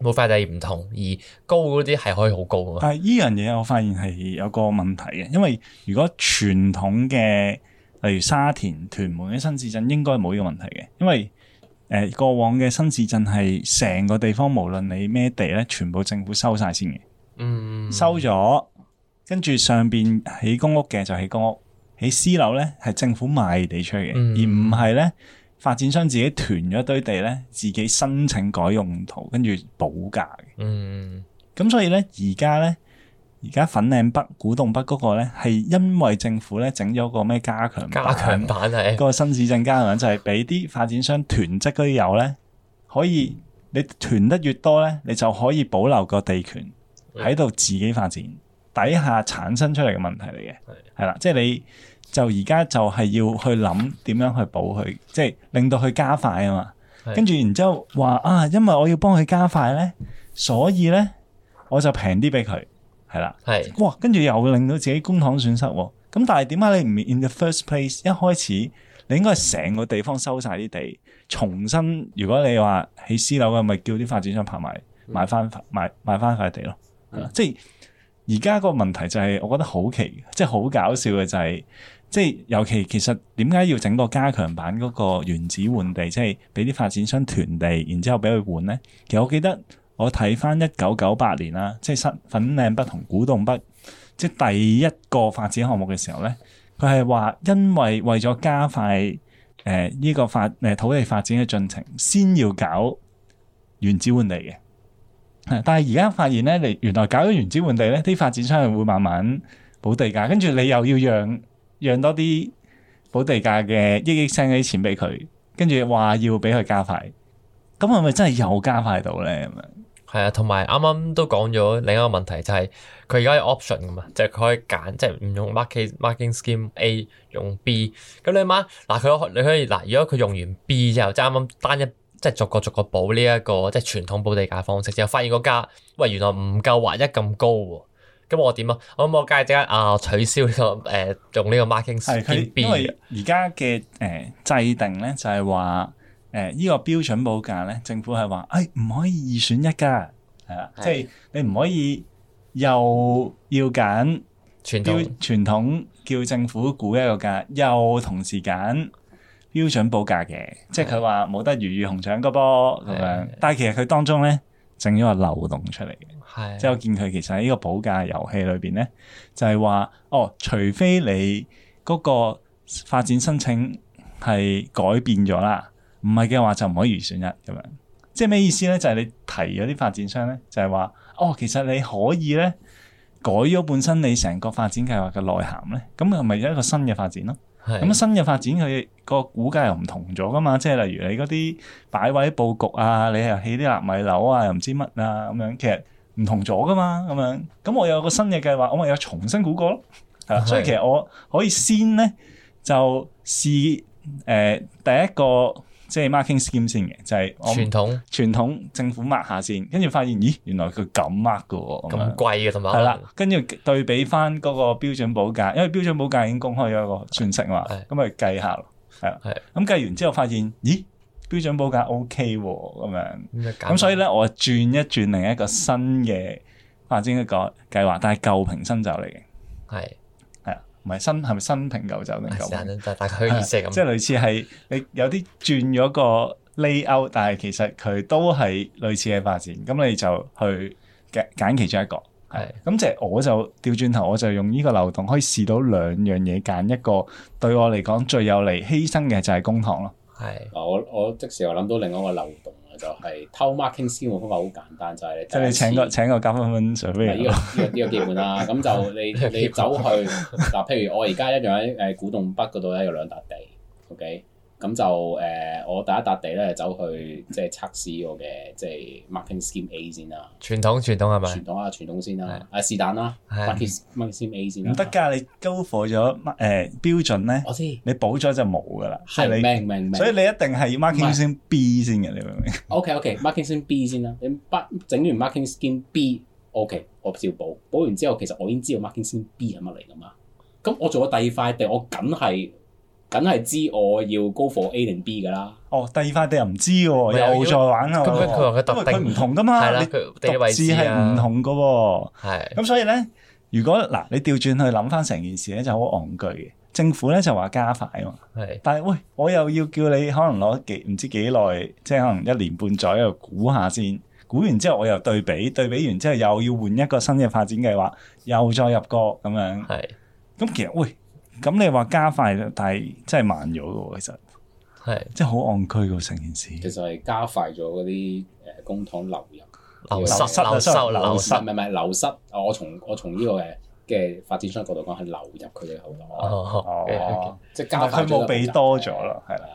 每塊地唔同，而高嗰啲係可以好高啊。但係依樣嘢我發現係有個問題嘅，因為如果傳統嘅例如沙田、屯門嘅新市鎮應該冇呢個問題嘅，因為誒、呃、過往嘅新市鎮係成個地方無論你咩地咧，全部政府收晒先嘅。嗯，收咗，跟住上邊起公屋嘅就起公屋，起私樓咧係政府賣地出去嘅，嗯、而唔係咧發展商自己囤咗堆地咧，自己申請改用途，跟住補價嘅。嗯，咁所以咧而家咧而家粉嶺北、古洞北嗰個咧係因為政府咧整咗個咩加強加強版啊，個新市鎮加強版就係俾啲發展商囤積嗰啲友咧，可以你囤得越多咧，你就可以保留個地權。喺度自己發展底下產生出嚟嘅問題嚟嘅，係啦，即係你就而家就係要去諗點樣去補佢，即係令到佢加快啊嘛。跟住然之後話啊，因為我要幫佢加快咧，所以咧我就平啲俾佢，係啦，係哇，跟住又會令到自己公帑損失。咁但係點解你唔 in the first place 一開始，你應該係成個地方收晒啲地，重新如果你話起私樓嘅，咪叫啲發展商拍埋買翻買買翻塊地咯。嗯、即係而家個問題就係，我覺得好奇，即係好搞笑嘅就係、是，即係尤其其實點解要整個加強版嗰個原址換地，即係俾啲發展商囤地，然之後俾佢換咧？其實我記得我睇翻，一九九八年啦，即係新粉嶺北同古洞北，即係第一個發展項目嘅時候咧，佢係話因為為咗加快誒呢、呃這個發誒土地發展嘅進程，先要搞原址換地嘅。 但係而家發現咧，嚟原來搞咗原址換地咧，啲發展商係會慢慢補地價，跟住你又要讓讓多啲補地價嘅億億升嗰啲錢俾佢，跟住話要俾佢加快。咁係咪真係又加快到咧咁樣？係啊，同埋啱啱都講咗另一個問題就係佢而家有 option 噶嘛，就係、是、佢可以揀，即係唔用 market marking scheme A，用 B。咁你諗下，嗱佢，你可以嗱如果佢用完 B 之後，即係啱啱單一。即係逐個逐個補呢、這、一個即係傳統補地價方式，之後發現個價，喂原來唔夠或一咁高喎，咁我點啊？我咁我介即刻啊取消呢、這個誒、呃、用呢個 marking 佢，因為而家嘅誒制定咧就係話誒呢個標準補價咧，政府係話誒唔可以二選一㗎，係啊，是即係你唔可以又要揀統，叫傳統叫政府估一個價，又同時揀。標準補價嘅，即係佢話冇得如魚紅腸個波咁樣，的但係其實佢當中咧，整咗個漏洞出嚟嘅。的即係我見佢其實喺呢個補價遊戲裏邊咧，就係、是、話哦，除非你嗰個發展申請係改變咗啦，唔係嘅話就唔可以預選一咁樣。即係咩意思咧？就係、是、你提咗啲發展商咧，就係、是、話哦，其實你可以咧改咗本身你成個發展計劃嘅內涵咧，咁係咪有一個新嘅發展咯？咁新嘅發展佢個估價又唔同咗㗎嘛，即係例如你嗰啲擺位佈局啊，你又起啲納米樓啊，又唔知乜啊咁樣，其實唔同咗㗎嘛，咁樣，咁我又有個新嘅計劃，我咪要重新估過咯，係是的 所以其實我可以先咧就試誒、呃、第一個。即係 marking scheme 先嘅，就係、是、傳統傳統政府 mark 下先，跟住發現咦，原來佢咁 mark 嘅喎，咁貴嘅，同埋，係啦，跟住對比翻嗰個標準保價，因為標準保價已經公開咗一個信息嘛，咁咪計下咯，係啊，咁計的完之後發現咦，標準保價 OK 喎，咁樣，咁所以咧我轉一轉另一個新嘅發展一個計劃，嗯、但係舊瓶新酒嚟嘅，係。唔係新係咪新瓶舊酒咁？啊、大家嘅意思係咁，啊、即係類似係你有啲轉咗個 layout，但係其實佢都係類似嘅發展。咁你就去揀揀其中一個。係咁，即係我就調轉頭，我就用呢個漏洞可以試到兩樣嘢，揀一個對我嚟講最有利犧牲嘅就係公帑咯。係嗱是的，我我即時又諗到另外一個漏洞。就係偷 marking 先嘅方法，好簡單，就係即係你請個請個加分分上邊。呢、這個呢個呢個竅門啦。咁 就你你走去，嗱， 譬如我而家一樣喺誒古洞北嗰度咧，有兩笪地，OK。咁就誒、呃，我第一笪地咧走去即係測試我嘅即係 marking scheme A 先啦。傳統傳統係咪？傳統啊，傳統先啦，係是但啦 marking scheme A 先啦。唔得㗎，你高火咗誒、呃、標準咧，我知你補咗就冇㗎啦，係的你，明唔明，所以你一定係要 marking scheme B 先嘅，你明唔明？OK OK，marking scheme B 先啦，你畢整完 marking scheme B OK，我照補，補完之後其實我已經知道 marking scheme B 係乜嚟㗎嘛，咁我做咗第二塊地，我梗係。梗係知我要高房 A 定 B 噶啦。哦，第二塊地又唔知嘅，又再玩啦。咁佢佢話佢特定，佢唔同噶嘛。係啦、啊，佢位置係唔同噶。係。咁所以咧，如果嗱，你調轉去諗翻成件事咧，就好戇居嘅。政府咧就話加快啊嘛。係是。但係喂，我又要叫你可能攞幾唔知幾耐，即係可能一年半載啊，估下先。估完之後我又對比，對比完之後又要換一個新嘅發展計劃，又再入過咁樣。係是。咁其實喂。咁你話加快，但係真係慢咗喎。其實係，即係好戇居個成件事。其實係加快咗嗰啲誒公帑流入流失、流失、流失，唔係流失。我從我從我從呢個嘅嘅發展商角度講，係流入佢哋口袋。哦，即係加快。佢冇俾多咗啦，係啦。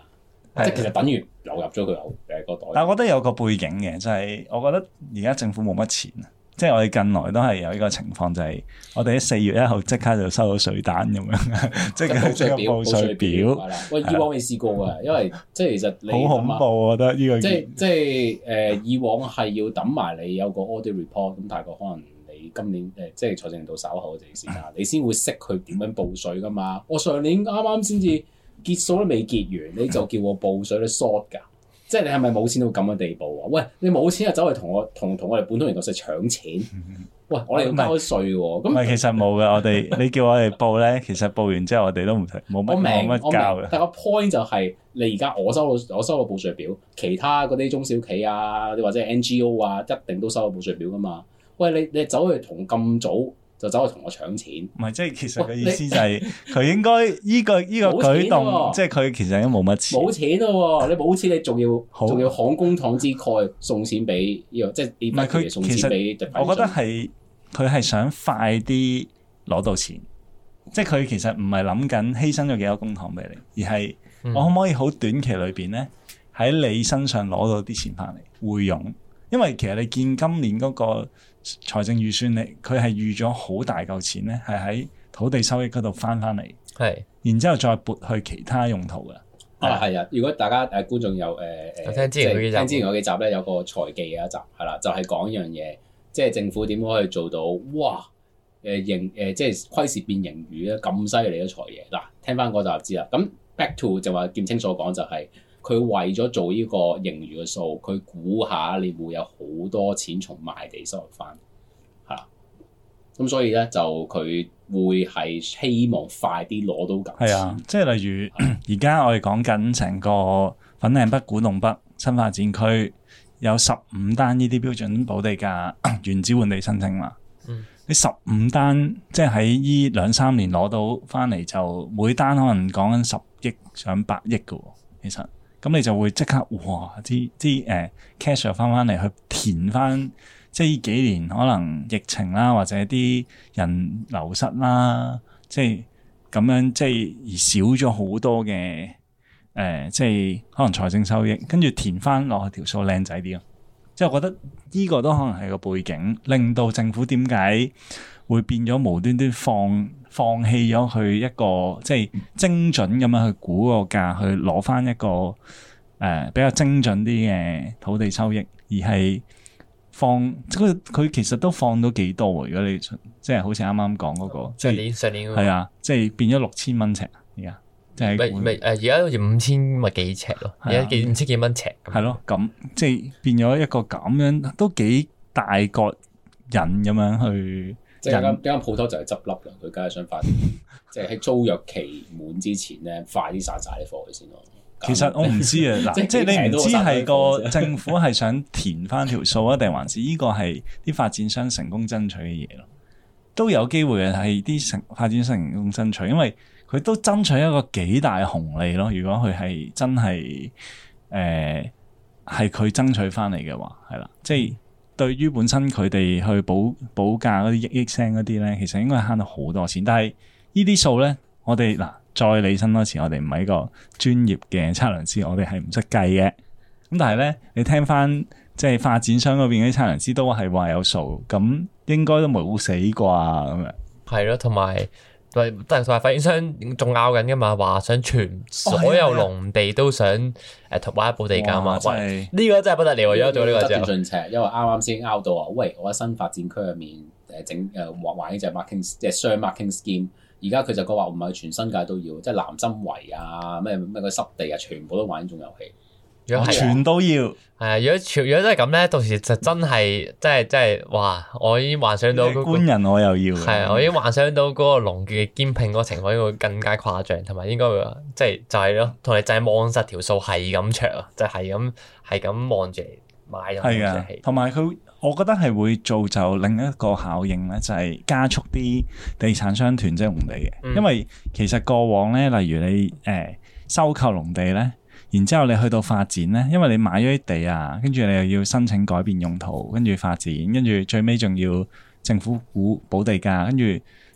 即係其實等於流入咗佢個個袋。但係我覺得有個背景嘅，就係、是、我覺得而家政府冇乜錢。即係我哋近來都係有呢個情況，就係、是、我哋喺四月一號即刻就收到稅單咁樣， 即係即係報稅表。係啦，喂以往未試過噶，嗯、因為即係其實你好恐怖，我覺得呢個即係即係誒、呃，以往係要等埋你有個 audit report，咁大概可能你今年誒、呃、即係財政年度稍後嘅時間，嗯、你先會識佢點樣報稅噶嘛。我上年啱啱先至結數都未結完，你就叫我報稅你 short 噶。嗯即係你係咪冇錢到咁嘅地步啊？喂，你冇錢就走去同我同同我哋本土研究社搶錢？ 喂，我哋要交稅喎。咁唔係其實冇嘅，我哋你叫我哋報咧， 其實報完之後我哋都唔冇乜明，乜交嘅。但係個 point 就係、是、你而家我收到我收到報稅表，其他嗰啲中小企啊，或者 NGO 啊，一定都收到報稅表㗎嘛。喂，你你走去同咁早？就走去同我搶錢，唔係，即係其實嘅意思就係、是、佢應該依、這個依 個舉動，啊、即係佢其實已經冇乜錢。冇錢咯、啊，你冇錢你仲要仲、嗯、要慷公帑之慨送錢俾呢、這個，是這個、即係點解嚟送錢俾？我覺得係佢係想快啲攞到錢， 即係佢其實唔係諗緊犧牲咗幾多公帑俾你，而係我可唔可以好短期裏邊咧喺你身上攞到啲錢翻嚟會用？因為其實你見今年嗰、那個。財政預算你佢係預咗好大嚿錢咧，係喺土地收益嗰度翻翻嚟，係的，然之後再撥去其他用途嘅。啊係啊，如果大家誒觀眾有誒誒、呃呃，聽之前聽之前有幾集咧，有個財技嘅一集係啦、嗯，就係、是、講一樣嘢，即係政府點樣可以做到哇？誒、呃、盈誒、呃、即係虧蝕變盈餘咧，咁犀利嘅財爺嗱，聽翻嗰集就知啦。咁 back to 就話劍青所講就係、是。佢為咗做呢個盈餘嘅數，佢估下你會有好多錢從賣地收入翻，嚇。咁所以咧就佢會係希望快啲攞到咁。係啊，即係例如而家的我哋講緊成個粉嶺北、古洞北新發展區有十五單呢啲標準補地價 原址換地申請嘛？嗯、你十五單即係喺呢兩三年攞到翻嚟就每單可能講緊十億上百億㗎、喎，其實。咁你就會即刻哇！啲啲誒 cash 又翻翻嚟，去填翻即係呢幾年可能疫情啦，或者啲人流失啦，即係咁樣即係而少咗好多嘅誒，即係可能財政收益，跟住填翻落去條數靚仔啲咯。即係我覺得呢個都可能係個背景，令到政府點解會變咗無端端放？放棄咗去一個即係、就是、精準咁樣去估個價，去攞翻一個誒、呃、比較精準啲嘅土地收益，而係放佢佢其實都放到幾多？如果你即係、就是、好似啱啱講嗰個，即係上年上年，係啊，即係變咗六千蚊尺而家，即係咪而家好似五千咪幾尺咯，而家幾五千幾蚊尺，係咯，咁即係變咗一個咁樣都幾大個引咁樣去。即係一間鋪頭就係執笠啦，佢梗係想快， 即係喺租約期滿之前咧，快啲殺晒啲貨佢先咯。其實我唔知啊， 即即係你唔知係個政府係想填翻條數啊，定 還是呢個係啲發展商成功爭取嘅嘢咯？都有機會嘅係啲成發展商成功爭取，因為佢都爭取一個幾大紅利咯。如果佢係真係誒係佢爭取翻嚟嘅話，係啦，即係。對於本身佢哋去補補價嗰啲億億聲嗰啲咧，其實應該係慳到好多錢。但係呢啲數咧，我哋嗱在理身多時，我哋唔係一個專業嘅測量師，我哋係唔識計嘅。咁但係咧，你聽翻即係發展商嗰邊嗰啲測量師都係話有數，咁應該都冇死啩咁樣。係咯，同埋。喂，即係佢話發展商仲拗緊噶嘛？話想全、哦啊、所有農地都想誒買、啊、一補地價嘛？哇喂，呢個、就是、真係不得了，有咗呢個就得寸進尺，因為啱啱先拗到啊！喂，我喺新發展區入面誒整誒、呃、玩玩呢隻 marking 即係雙 marking scheme。而家佢就講話唔係全新界都要，即係南生圍啊，咩咩個濕地啊，全部都玩呢種遊戲。全都要係啊！如果全如果都係咁咧，到時就真係，真係真係，哇！我已經幻想到，那個、官人，我又要係啊！我已經幻想到嗰個農地嘅兼併嗰個情況應該會更加誇張，同埋應該會即係就係咯，同埋就係望實條數係咁長，就係咁係咁望住買咗。係啊，同埋佢，我覺得係會造就另一個效應咧，就係、是、加速啲地產商囤積農地嘅，嗯、因為其實過往咧，例如你誒、呃、收購農地咧。然之後你去到發展咧，因為你買咗啲地啊，跟住你又要申請改變用途，跟住發展，跟住最尾仲要政府估補地價，跟住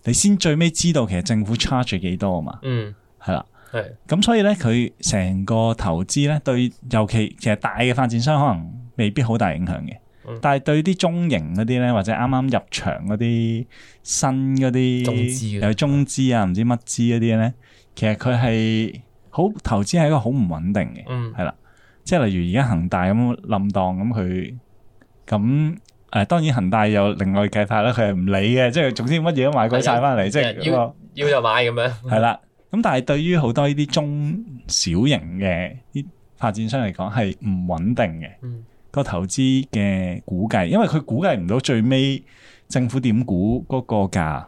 你先最尾知道其實政府 charge 幾多啊嘛。嗯，係啦的。係的。咁所以咧，佢成個投資咧，對尤其其實大嘅發展商可能未必好大影響嘅，嗯、但係對啲中型嗰啲咧，或者啱啱入場嗰啲新嗰啲，有中資啊，唔知乜資嗰啲咧，其實佢係。好投資係一個好唔穩定嘅，係啦、嗯，即係例如而家恒大咁冧檔咁佢，咁誒、呃、當然恒大有另外嘅計法啦，佢係唔理嘅，即係總之乜嘢都買過晒翻嚟，即係要要就買咁樣。係啦，咁但係對於好多呢啲中小型嘅啲發展商嚟講係唔穩定嘅，嗯、個投資嘅估計，因為佢估計唔到最尾政府點估嗰個價，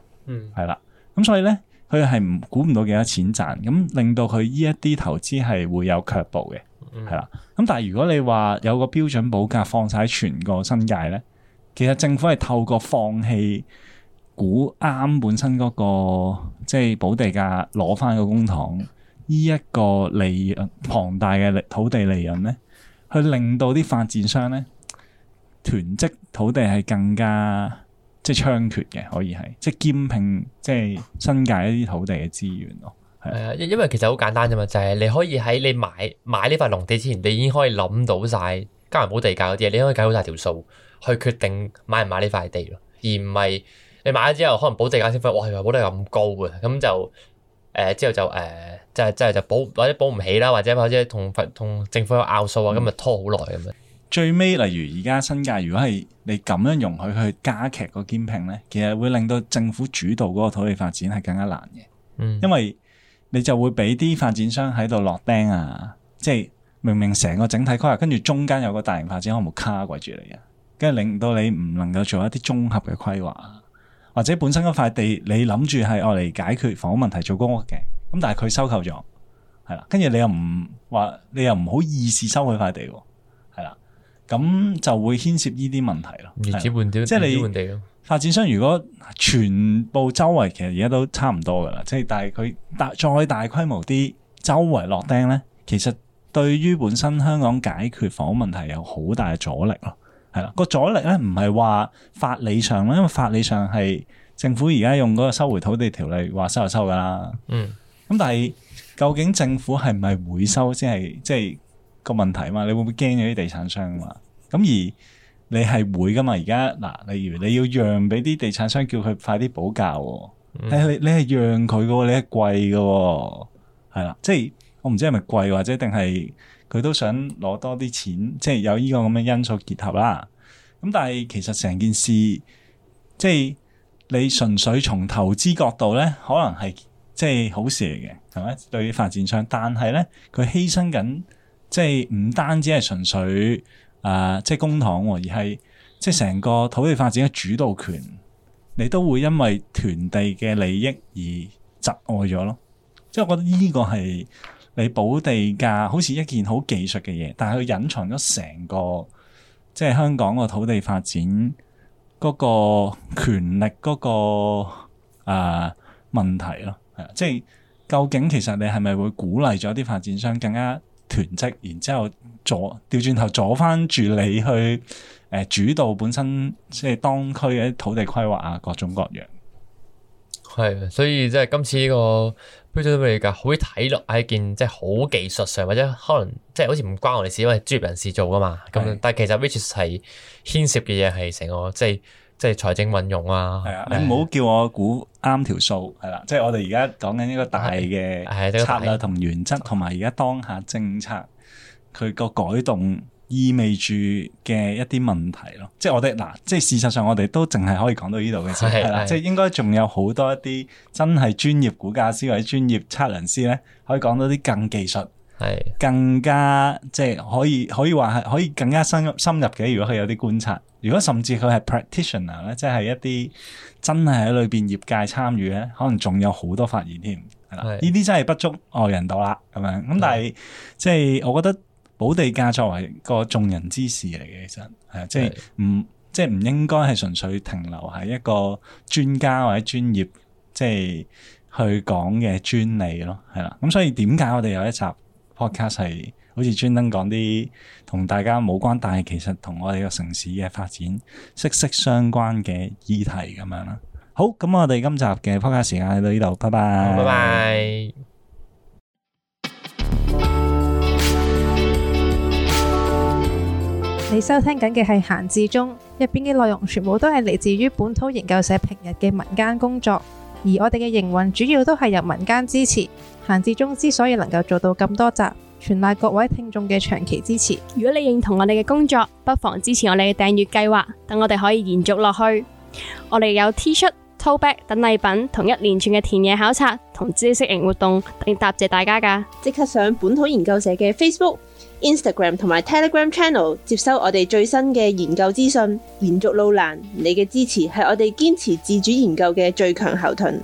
係啦、嗯，咁所以咧。佢係估唔到幾多錢賺，咁令到佢依一啲投資係會有卻步嘅，係啦。咁但係如果你話有個標準補價放晒喺全個新界咧，其實政府係透過放棄估啱本身嗰，那個即係補地價攞翻個公帑，依、這、一個利龐大嘅利土地利潤咧，去令到啲發展商咧囤積土地係更加。即係槍決嘅，可以係即係兼併，即係新界一啲土地嘅資源咯。係啊，因為其實好簡單啫嘛，就係、是、你可以喺你買買呢塊農地之前，你已經可以諗到晒，加埋補地價嗰啲嘢，你可以計好大條數去決定買唔買呢塊地咯，而唔係你買咗之後可能補地價先發，哇，係咪補得價咁高嘅？咁就誒、呃、之後就誒即係即係就是就是就是、補或者補唔起啦，或者或者同份同政府有拗數啊，今日拖好耐咁樣。嗯最尾，例如而家新界，如果係你咁樣容許去加劇個兼併，咧，其實會令到政府主導嗰個土地發展係更加難嘅，嗯、因為你就會俾啲發展商喺度落釘啊，即係明明成個整體規劃，跟住中間有個大型發展項目卡住你啊，跟住令到你唔能夠做一啲綜合嘅規劃，或者本身嗰塊地你諗住係我嚟解決房屋問題做公屋嘅，咁但係佢收購咗，係啦，跟住你又唔話，你又唔好意思收佢塊地喎。咁就會牽涉呢啲問題咯，即係你發展商如果全部周圍其實而家都差唔多噶啦，即係但係佢大再大規模啲，周圍落釘咧，其實對於本身香港解決房屋問題有好大阻力咯，係啦，個阻力咧唔係話法理上啦，因為法理上係政府而家用嗰個收回土地條例話收就收噶啦，嗯，咁但係究竟政府係唔係會收先係即係？即個問題嘛，你會唔會驚咗啲地產商啊嘛？咁而你係會噶嘛？而家嗱，例如你要讓俾啲地產商，叫佢快啲補價喎。你你你係讓佢噶，你係貴噶，係啦。即係我唔知係咪貴，或者定係佢都想攞多啲錢，即係有呢個咁嘅因素結合啦。咁但係其實成件事，即係你純粹從投資角度咧，可能係即係好事嚟嘅，係咪？對發展商，但係咧佢犧牲緊。即係唔單止係純粹誒、呃，即係公帑，啊，而係即係成個土地發展嘅主導權，你都會因為屯地嘅利益而窒礙咗咯。即係我覺得呢個係你補地價，好似一件好技術嘅嘢，但係佢隱藏咗成個即係香港個土地發展嗰個權力嗰、那個誒、呃、問題咯。係啊，即係究竟其實你係咪會鼓勵咗啲發展商更加？囤積，然之後左調轉頭阻翻住你去誒、呃、主導本身即係當區嘅土地規劃啊，各種各樣係。所以即係今次呢、這個 b u 睇落係一件即係、就是、好技術上，或者可能即係、就是、好似唔關我哋事，因為專業人士做噶嘛。咁是但係其實 which 係牽涉嘅嘢係成個即係。就是即係財政運用啊，係啊的，的你唔好叫我估啱條數係啦。即係我哋而家講緊呢個大嘅策略同原則，同埋而家當下政策佢個改動意味住嘅一啲問題咯。即係我哋嗱，即係事實上我哋都淨係可以講到呢度嘅啫。係啦，即係應該仲有好多一啲真係專業估價師或者專業測量師咧，可以講到啲更技術。係更加即係可以可以話係可以更加深入深入嘅。如果佢有啲觀察，如果甚至佢係 practitioner 咧，即係一啲真係喺裏邊業界參與咧，可能仲有好多發言添。係啦，呢啲是真係不足外人道啦。咁樣咁，但係即係我覺得補地價作為個眾人之事嚟嘅，其實係即係唔即係唔應該係純粹停留喺一個專家或者專業即係、就是、去講嘅專利咯。係啦，咁所以點解我哋有一集？Podcast 係好似專登講啲同大家冇關，但係其實同我哋個城市嘅發展息息相關嘅議題咁樣啦。好，咁我哋今集嘅 Podcast 時間喺到呢度，拜拜，拜拜。你收聽緊嘅係閒置中，入邊嘅內容全部都係嚟自於本土研究社平日嘅民間工作。而我哋嘅營運主要都係由民間支持。行字中之所以能夠做到咁多集，全賴各位聽眾嘅長期支持。如果你認同我哋嘅工作，不妨支持我哋嘅訂閱計劃，等我哋可以延續落去。我哋有 T 恤、tote bag 等禮品，同一連串嘅田野考察同知識型活動，並答謝大家㗎。即刻上本土研究社嘅 Facebook。Instagram 同埋 Telegram Channel 接收我哋最新嘅研究資訊，連續路難，你嘅支持係我哋堅持自主研究嘅最強後盾。